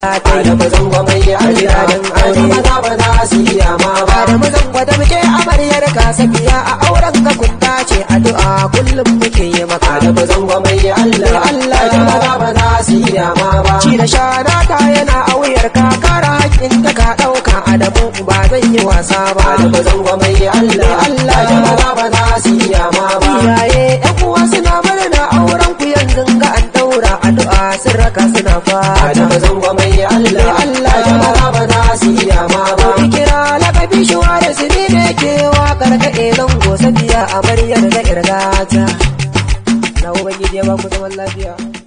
da maza ba za su ba amaryar a auren ka kunta ce addu'a kullum muke yi maka da mazan gwamnati Allah Allah da maza ba za su ba yana a wuyar ka hakkin ka ba zan yi wasa ba Allah sirraka suna fata da zango ya Allah Allah jama'a ba za su yi ma ba kira lakabi shuwa da su ne ke wakar ka gosa biya a maryar da irgata na ubangiji ya ba ku zaman lafiya